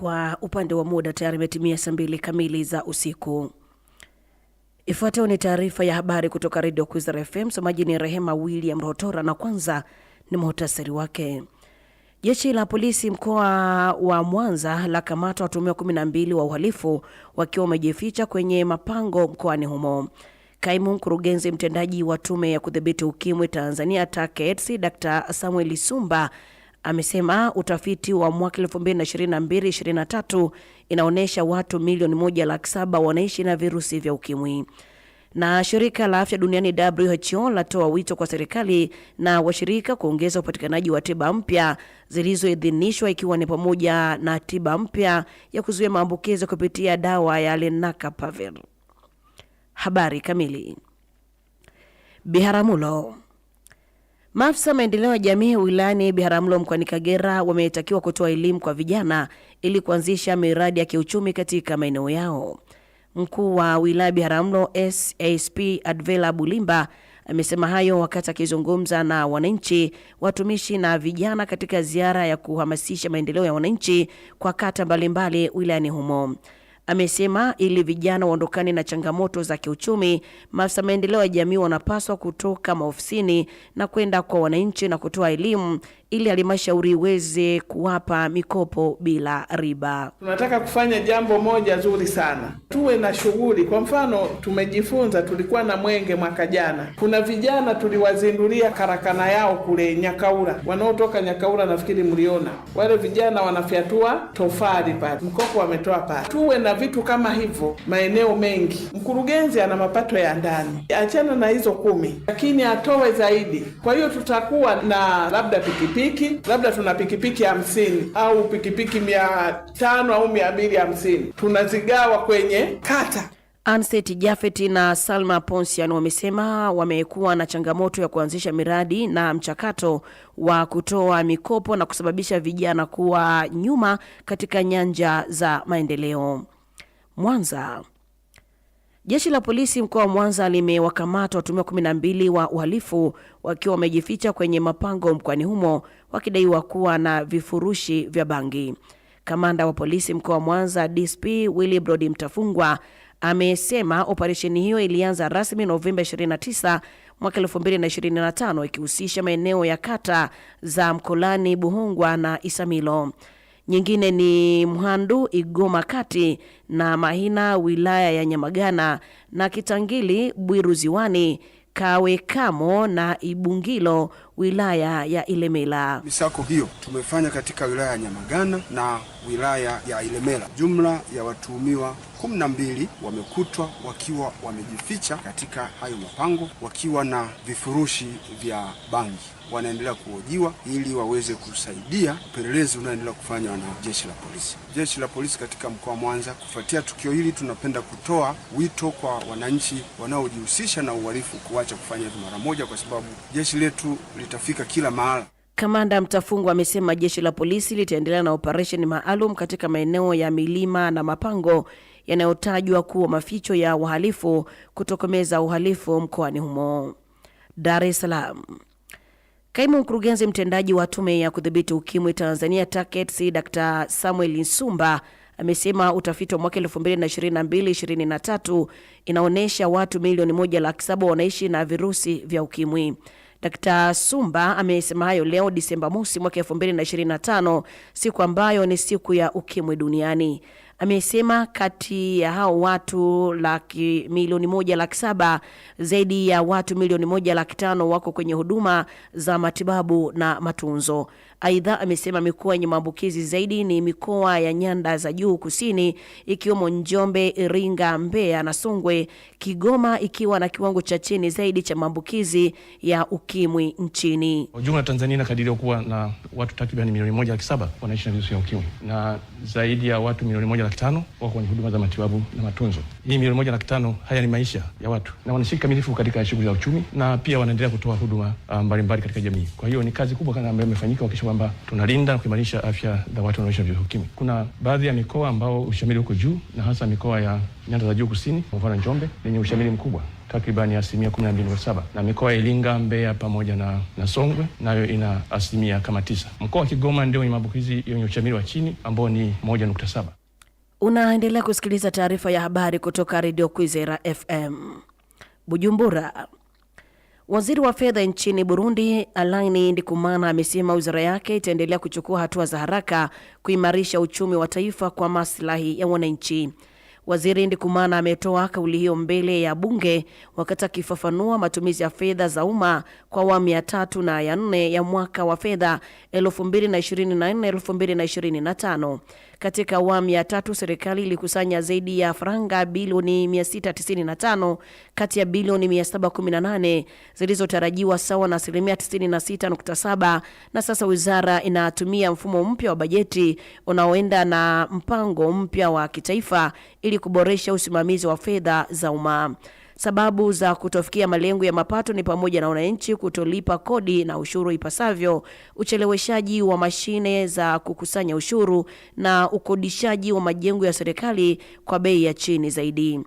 Kwa upande wa muda tayari imetimia saa mbili kamili za usiku. Ifuatayo ni taarifa ya habari kutoka redio Kwizera FM. Msomaji ni Rehema William Rotora na kwanza ni muhtasari wake. Jeshi la polisi mkoa wa Mwanza la kamata watuhumiwa 12 wa uhalifu wakiwa wamejificha kwenye mapango mkoani humo. Kaimu mkurugenzi mtendaji wa tume ya kudhibiti ukimwi Tanzania TACAIDS Dr. Samuel Sumba amesema utafiti wa mwaka 2022-2023 inaonyesha watu milioni moja laki saba wanaishi na virusi vya ukimwi. Na shirika la afya duniani WHO latoa wito kwa serikali na washirika kuongeza upatikanaji wa tiba mpya zilizoidhinishwa ikiwa ni pamoja na tiba mpya ya kuzuia maambukizi kupitia dawa ya lenacapavir. Habari kamili. Biharamulo Maafisa maendeleo ya jamii wilayani Biharamulo mkoani Kagera wametakiwa kutoa elimu kwa vijana ili kuanzisha miradi ya kiuchumi katika maeneo yao. Mkuu wa wilaya Biharamulo SASP Advela Bulimba amesema hayo wakati akizungumza na wananchi, watumishi na vijana katika ziara ya kuhamasisha maendeleo ya wananchi kwa kata mbalimbali wilayani humo. Amesema ili vijana waondokane na changamoto za kiuchumi, maafisa maendeleo ya jamii wanapaswa kutoka maofisini na kwenda kwa wananchi na kutoa elimu ili halmashauri iweze kuwapa mikopo bila riba. Tunataka kufanya jambo moja zuri sana, tuwe na shughuli. Kwa mfano, tumejifunza tulikuwa na Mwenge mwaka jana, kuna vijana tuliwazindulia karakana yao kule Nyakaura, wanaotoka Nyakaura nafikiri mliona, wale vijana wanafyatua tofali pale, mkopo wametoa pale. Tuwe na vitu kama hivyo maeneo mengi. Mkurugenzi ana mapato ya ndani, achana na hizo kumi, lakini atoe zaidi. Kwa hiyo tutakuwa na labda pikipiki pikipiki, labda tuna pikipiki hamsini au pikipiki mia tano au mia mbili hamsini tunazigawa kwenye kata. Anset Jafet na Salma Ponsian wamesema wamekuwa na changamoto ya kuanzisha miradi na mchakato wa kutoa mikopo na kusababisha vijana kuwa nyuma katika nyanja za maendeleo. Mwanza. Jeshi la polisi mkoa wa Mwanza limewakamata watuhumiwa 12 wa uhalifu wakiwa wamejificha kwenye mapango mkoani humo wakidaiwa kuwa na vifurushi vya bangi. Kamanda wa polisi mkoa wa Mwanza DSP Brody Mtafungwa amesema operesheni hiyo ilianza rasmi Novemba 29 mwaka 2025 ikihusisha maeneo ya kata za Mkolani, buhungwa na Isamilo nyingine ni Mhandu Igoma Kati na Mahina wilaya ya Nyamagana na Kitangili Bwiru Ziwani Kawe Kamo na Ibungilo wilaya ya Ilemela. Misako hiyo tumefanya katika wilaya ya Nyamagana na wilaya ya Ilemela. Jumla ya watuhumiwa kumi na mbili wamekutwa wakiwa wamejificha katika hayo mapango wakiwa na vifurushi vya bangi. Wanaendelea kuhojiwa ili waweze kusaidia upelelezi unaoendelea kufanywa na jeshi la polisi. Jeshi la polisi katika mkoa wa Mwanza, kufuatia tukio hili, tunapenda kutoa wito kwa wananchi wanaojihusisha na uhalifu kuacha kufanya hivyo mara moja, kwa sababu jeshi letu litafika kila mahala. Kamanda mtafungu amesema jeshi la polisi litaendelea na operesheni maalum katika maeneo ya milima na mapango yanayotajwa kuwa maficho ya wahalifu kutokomeza uhalifu mkoani humo. Dar es Salaam. Kaimu mkurugenzi mtendaji wa Tume ya Kudhibiti Ukimwi Tanzania TACAIDS Dr. Samuel Nsumba amesema utafiti wa mwaka 2022-2023 inaonyesha watu milioni moja laki saba wanaishi na virusi vya ukimwi. Dkt. Sumba amesema hayo leo Disemba mosi mwaka 2025, siku ambayo ni siku ya ukimwi duniani amesema kati ya hao watu laki milioni moja laki saba zaidi ya watu milioni moja laki tano wako kwenye huduma za matibabu na matunzo. Aidha, amesema mikoa yenye maambukizi zaidi ni mikoa ya nyanda za juu kusini ikiwemo Njombe, Iringa, Mbeya na Songwe, Kigoma ikiwa na kiwango cha chini zaidi cha maambukizi ya ukimwi nchini. Ujumla Tanzania inakadiriwa kuwa na watu takriban milioni moja laki saba wanaishi na virusi vya ukimwi na zaidi ya watu milioni moja laki tano wako kwenye huduma za matibabu na matunzo. Hii milioni moja laki tano, haya ni maisha ya watu na wanashiriki kikamilifu katika shughuli za uchumi na pia wanaendelea kutoa huduma ah, mbalimbali katika jamii. Kwa hiyo ni kazi kubwa kana ambayo imefanyika wakisha kwamba tunalinda na kuimarisha afya za watu wanaoishi na virusi ukimwi. Kuna baadhi ya mikoa ambao ushamiri uko juu na hasa mikoa ya nyanda za juu kusini, kwa mfano Njombe yenye ushamiri mkubwa takribani asilimia 12.7 na mikoa ya Iringa, Mbeya pamoja na, na Songwe nayo ina asilimia kama tisa. Mkoa wa Kigoma ndio wenye maambukizi yenye ushamiri wa chini ambao ni 1.7. Unaendelea kusikiliza taarifa ya habari kutoka Redio Kwizera FM Bujumbura. Waziri wa fedha nchini Burundi Alain Ndikumana amesema wizara yake itaendelea kuchukua hatua za haraka kuimarisha uchumi wa taifa kwa maslahi ya wananchi. Waziri Ndikumana ametoa kauli hiyo mbele ya bunge wakati akifafanua matumizi ya fedha za umma kwa awamu ya tatu na ya nne ya mwaka wa fedha 2024/2025. Katika awamu ya tatu serikali ilikusanya zaidi ya faranga bilioni 695 kati ya bilioni 718 zilizotarajiwa sawa na asilimia 96.7, na sasa wizara inatumia mfumo mpya wa bajeti unaoenda na mpango mpya wa kitaifa ili kuboresha usimamizi wa fedha za umma. Sababu za kutofikia malengo ya mapato ni pamoja na wananchi kutolipa kodi na ushuru ipasavyo, ucheleweshaji wa mashine za kukusanya ushuru na ukodishaji wa majengo ya serikali kwa bei ya chini zaidi.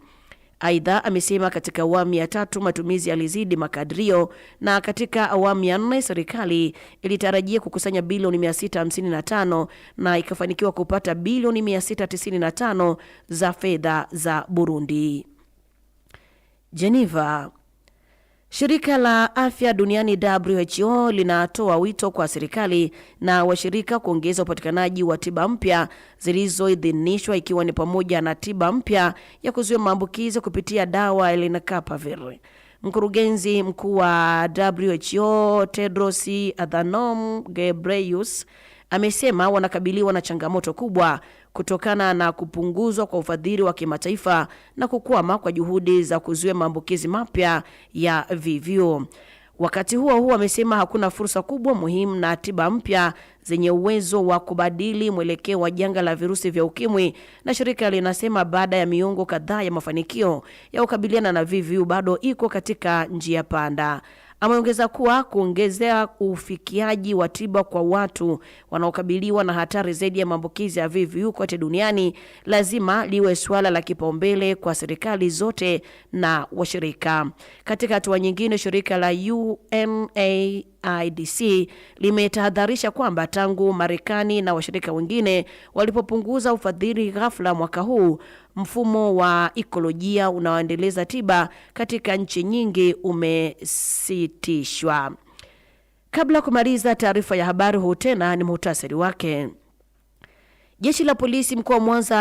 Aidha, amesema katika awamu ya tatu matumizi yalizidi makadirio na katika awamu ya nne serikali ilitarajia kukusanya bilioni 655 na ikafanikiwa kupata bilioni 695 za fedha za Burundi. Geneva. Shirika la Afya Duniani WHO linatoa wito kwa serikali na washirika kuongeza upatikanaji wa tiba mpya zilizoidhinishwa ikiwa ni pamoja na tiba mpya ya kuzuia maambukizi kupitia dawa lenacapavir. Mkurugenzi mkuu wa WHO Tedros Adhanom Ghebreyesus amesema wanakabiliwa na changamoto kubwa kutokana na kupunguzwa kwa ufadhili wa kimataifa na kukwama kwa juhudi za kuzuia maambukizi mapya ya VVU. Wakati huo huo, amesema hakuna fursa kubwa muhimu na tiba mpya zenye uwezo wa kubadili mwelekeo wa janga la virusi vya ukimwi, na shirika linasema baada ya miongo kadhaa ya mafanikio ya kukabiliana na VVU bado iko katika njia panda. Ameongeza kuwa kuongezea ufikiaji wa tiba kwa watu wanaokabiliwa na hatari zaidi ya maambukizi ya VVU kote duniani lazima liwe suala la kipaumbele kwa serikali zote na washirika. Katika hatua nyingine, shirika la UNA IDC limetahadharisha kwamba tangu Marekani na washirika wengine walipopunguza ufadhili ghafla mwaka huu, mfumo wa ikolojia unaoendeleza tiba katika nchi nyingi umesitishwa. Kabla ya kumaliza taarifa ya habari, huu tena ni muhtasari wake. Jeshi la polisi mkoa wa Mwanza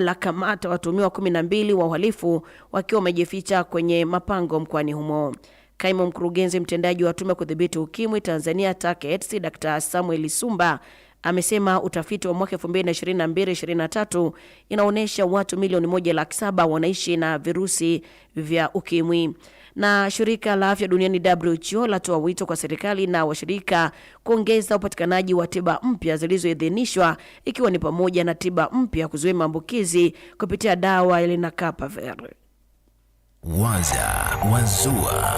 la kamata watuhumiwa kumi na mbili wa uhalifu wakiwa wamejificha kwenye mapango mkoani humo. Kaimu mkurugenzi mtendaji wa tume ya kudhibiti ukimwi Tanzania TACAIDS Dr. Samuel Sumba amesema utafiti wa mwaka 2022-2023 inaonyesha watu milioni moja laki saba wanaishi na virusi vya ukimwi. Na shirika la afya duniani WHO latoa wito kwa serikali na washirika kuongeza upatikanaji wa tiba mpya zilizoidhinishwa ikiwa ni pamoja na tiba mpya kuzuia maambukizi kupitia dawa ya lenacapavir. Waza Wazua.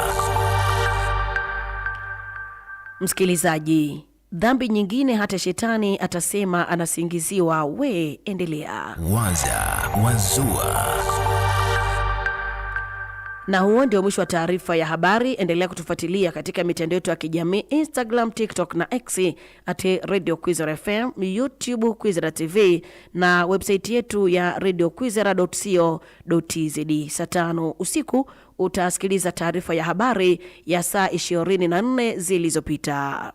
Msikilizaji, dhambi nyingine hata shetani atasema anasingiziwa. We endelea. Waza Wazua. Na huo ndio mwisho wa taarifa ya habari. Endelea kutufuatilia katika mitandao yetu ya kijamii Instagram, TikTok na X at Radio Kwizera FM, YouTube Kwizera TV na website yetu ya Radio Saa tano usiku utasikiliza taarifa ya habari ya saa 24 zilizopita.